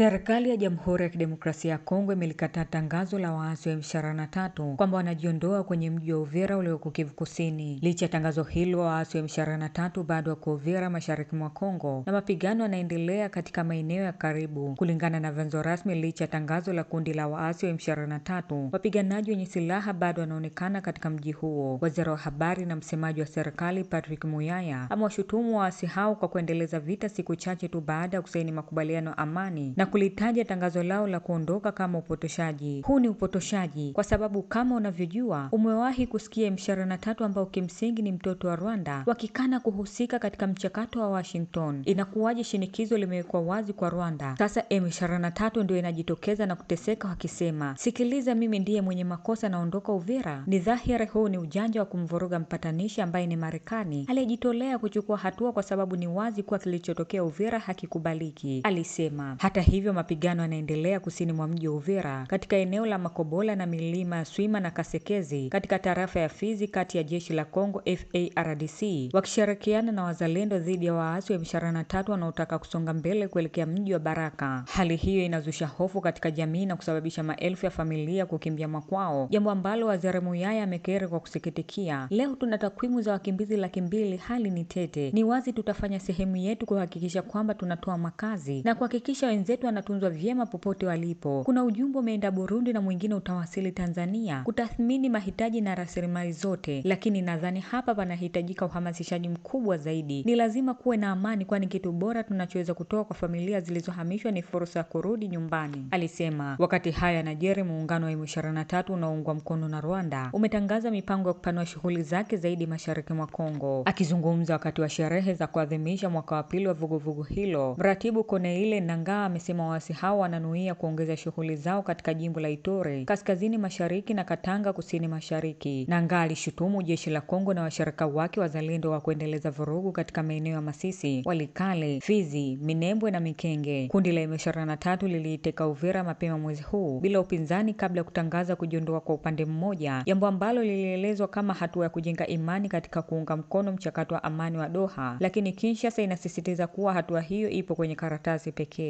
Serikali ya Jamhuri ya Kidemokrasia ya Kongo imelikataa tangazo la waasi wa M23 kwamba wanajiondoa kwenye mji wa Uvira ulioko Kivu Kusini. Licha ya tangazo hilo, waasi wa M23 bado wako Uvira, mashariki mwa Kongo, na mapigano yanaendelea katika maeneo ya karibu. Kulingana na vyanzo rasmi, licha ya tangazo la kundi la waasi wa M23, wapiganaji wenye silaha bado wanaonekana katika mji huo. Waziri wa habari na msemaji wa serikali Patrick Muyaya amewashutumu waasi hao kwa kuendeleza vita siku chache tu baada ya kusaini makubaliano ya amani na na kulitaja tangazo lao la kuondoka kama upotoshaji. Huu ni upotoshaji kwa sababu kama unavyojua, umewahi kusikia M23 ambao kimsingi ni mtoto wa Rwanda wakikana kuhusika katika mchakato wa Washington. Inakuwaje shinikizo limewekwa wazi kwa Rwanda? Sasa M23 ndio inajitokeza na kuteseka wakisema, sikiliza, mimi ndiye mwenye makosa, naondoka Uvira. Ni dhahiri huu ni ujanja wa kumvuruga mpatanishi ambaye ni Marekani aliyejitolea kuchukua hatua, kwa sababu ni wazi kuwa kilichotokea Uvira hakikubaliki, alisema. Hata hivyo mapigano yanaendelea kusini mwa mji wa Uvira katika eneo la Makobola na milima ya Swima na Kasekezi katika tarafa ya Fizi kati ya jeshi la Kongo FARDC wakishirikiana na wazalendo dhidi ya waasi wa M23 wanaotaka kusonga mbele kuelekea mji wa Baraka. Hali hiyo inazusha hofu katika jamii na kusababisha maelfu ya familia kukimbia makwao, jambo ambalo Waziri Muyaya amekiri kwa kusikitikia. Leo tuna takwimu za wakimbizi laki mbili, hali ni tete. Ni wazi tutafanya sehemu yetu kuhakikisha kwamba tunatoa makazi na kuhakikisha wenzetu wetu anatunzwa vyema popote walipo. Kuna ujumbe umeenda Burundi na mwingine utawasili Tanzania kutathmini mahitaji na rasilimali zote, lakini nadhani hapa panahitajika uhamasishaji mkubwa zaidi. Ni lazima kuwe na amani, kwani kitu bora tunachoweza kutoa kwa familia zilizohamishwa ni fursa ya kurudi nyumbani, alisema. Wakati haya najeri, muungano wa M23 unaoungwa mkono na Rwanda umetangaza mipango ya kupanua shughuli zake zaidi mashariki mwa Kongo. Akizungumza wakati wa sherehe za kuadhimisha mwaka wa pili wa vuguvugu hilo, mratibu Koneile Nangaa amesema amesema waasi hao wananuia kuongeza shughuli zao katika jimbo la Ituri kaskazini mashariki na Katanga kusini mashariki, na ngali shutumu jeshi la Kongo na washirika wake wazalendo wa kuendeleza vurugu katika maeneo ya Masisi, Walikale, Fizi, Minembwe na Mikenge. Kundi la M23 liliiteka Uvira mapema mwezi huu bila upinzani kabla ya kutangaza kujiondoa kwa upande mmoja, jambo ambalo lilielezwa kama hatua ya kujenga imani katika kuunga mkono mchakato wa amani wa Doha, lakini Kinshasa inasisitiza kuwa hatua hiyo ipo kwenye karatasi pekee.